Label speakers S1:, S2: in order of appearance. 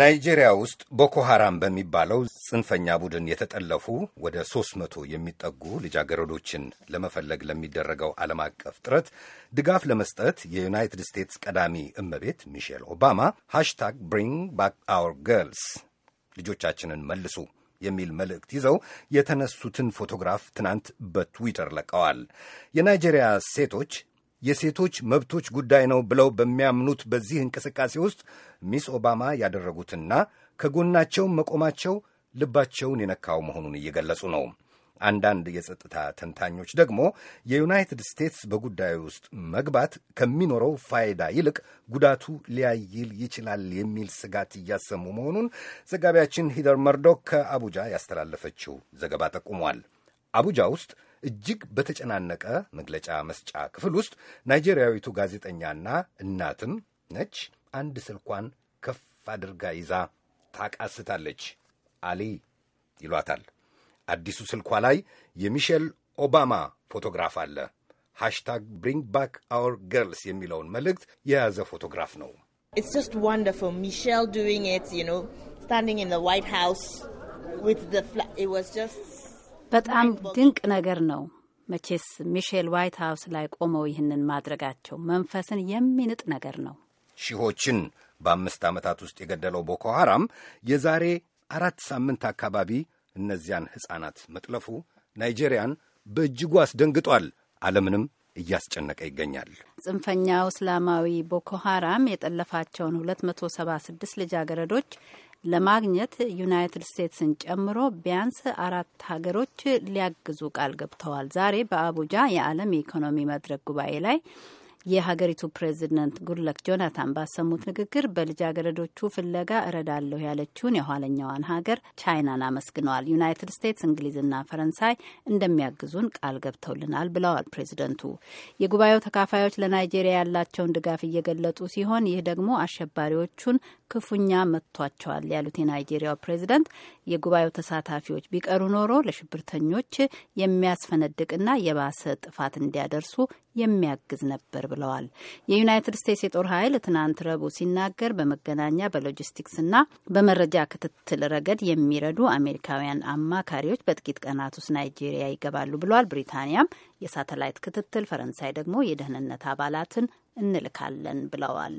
S1: ናይጄሪያ ውስጥ ቦኮ ሐራም በሚባለው ጽንፈኛ ቡድን የተጠለፉ ወደ ሦስት መቶ የሚጠጉ ልጃገረዶችን ለመፈለግ ለሚደረገው ዓለም አቀፍ ጥረት ድጋፍ ለመስጠት የዩናይትድ ስቴትስ ቀዳሚ እመቤት ሚሼል ኦባማ ሃሽታግ ብሪንግ ባክ አወር ገርልስ ልጆቻችንን መልሱ የሚል መልእክት ይዘው የተነሱትን ፎቶግራፍ ትናንት በትዊተር ለቀዋል። የናይጄሪያ ሴቶች የሴቶች መብቶች ጉዳይ ነው ብለው በሚያምኑት በዚህ እንቅስቃሴ ውስጥ ሚስ ኦባማ ያደረጉትና ከጎናቸው መቆማቸው ልባቸውን የነካው መሆኑን እየገለጹ ነው። አንዳንድ የጸጥታ ተንታኞች ደግሞ የዩናይትድ ስቴትስ በጉዳዩ ውስጥ መግባት ከሚኖረው ፋይዳ ይልቅ ጉዳቱ ሊያይል ይችላል የሚል ስጋት እያሰሙ መሆኑን ዘጋቢያችን ሂደር መርዶክ ከአቡጃ ያስተላለፈችው ዘገባ ጠቁሟል። አቡጃ ውስጥ እጅግ በተጨናነቀ መግለጫ መስጫ ክፍል ውስጥ ናይጄሪያዊቱ ጋዜጠኛና እናትም ነች አንድ ስልኳን ከፍ አድርጋ ይዛ ታቃስታለች። አሊ ይሏታል። አዲሱ ስልኳ ላይ የሚሼል ኦባማ ፎቶግራፍ አለ። ሃሽታግ ብሪንግ ባክ አውር ገርልስ የሚለውን መልእክት የያዘ ፎቶግራፍ ነው።
S2: ሚሼል በጣም ድንቅ ነገር ነው። መቼስ ሚሼል ዋይት ሀውስ ላይ ቆመው ይህንን ማድረጋቸው መንፈስን የሚንጥ ነገር ነው።
S1: ሺሆችን በአምስት ዓመታት ውስጥ የገደለው ቦኮ ሐራም የዛሬ አራት ሳምንት አካባቢ እነዚያን ሕፃናት መጥለፉ ናይጄሪያን በእጅጉ አስደንግጧል፣ ዓለምንም እያስጨነቀ ይገኛል።
S2: ጽንፈኛው እስላማዊ ቦኮ ሐራም የጠለፋቸውን 276 ልጃገረዶች ለማግኘት ዩናይትድ ስቴትስን ጨምሮ ቢያንስ አራት ሀገሮች ሊያግዙ ቃል ገብተዋል። ዛሬ በአቡጃ የዓለም የኢኮኖሚ መድረክ ጉባኤ ላይ የሀገሪቱ ፕሬዚደንት ጉድለክ ጆናታን ባሰሙት ንግግር በልጃገረዶቹ ፍለጋ እረዳለሁ ያለችውን የኋለኛዋን ሀገር ቻይናን አመስግነዋል። ዩናይትድ ስቴትስ፣ እንግሊዝና ፈረንሳይ እንደሚያግዙን ቃል ገብተውልናል ብለዋል ፕሬዚደንቱ። የጉባኤው ተካፋዮች ለናይጄሪያ ያላቸውን ድጋፍ እየገለጡ ሲሆን ይህ ደግሞ አሸባሪዎቹን ክፉኛ መጥቷቸዋል ያሉት የናይጄሪያው ፕሬዚደንት የጉባኤው ተሳታፊዎች ቢቀሩ ኖሮ ለሽብርተኞች የሚያስፈነድቅና የባሰ ጥፋት እንዲያደርሱ የሚያግዝ ነበር ብለዋል። የዩናይትድ ስቴትስ የጦር ኃይል ትናንት ረቡዕ ሲናገር በመገናኛ በሎጂስቲክስና በመረጃ ክትትል ረገድ የሚረዱ አሜሪካውያን አማካሪዎች በጥቂት ቀናት ውስጥ ናይጄሪያ ይገባሉ ብለዋል። ብሪታንያም የሳተላይት ክትትል፣ ፈረንሳይ ደግሞ የደህንነት አባላትን እንልካለን ብለዋል።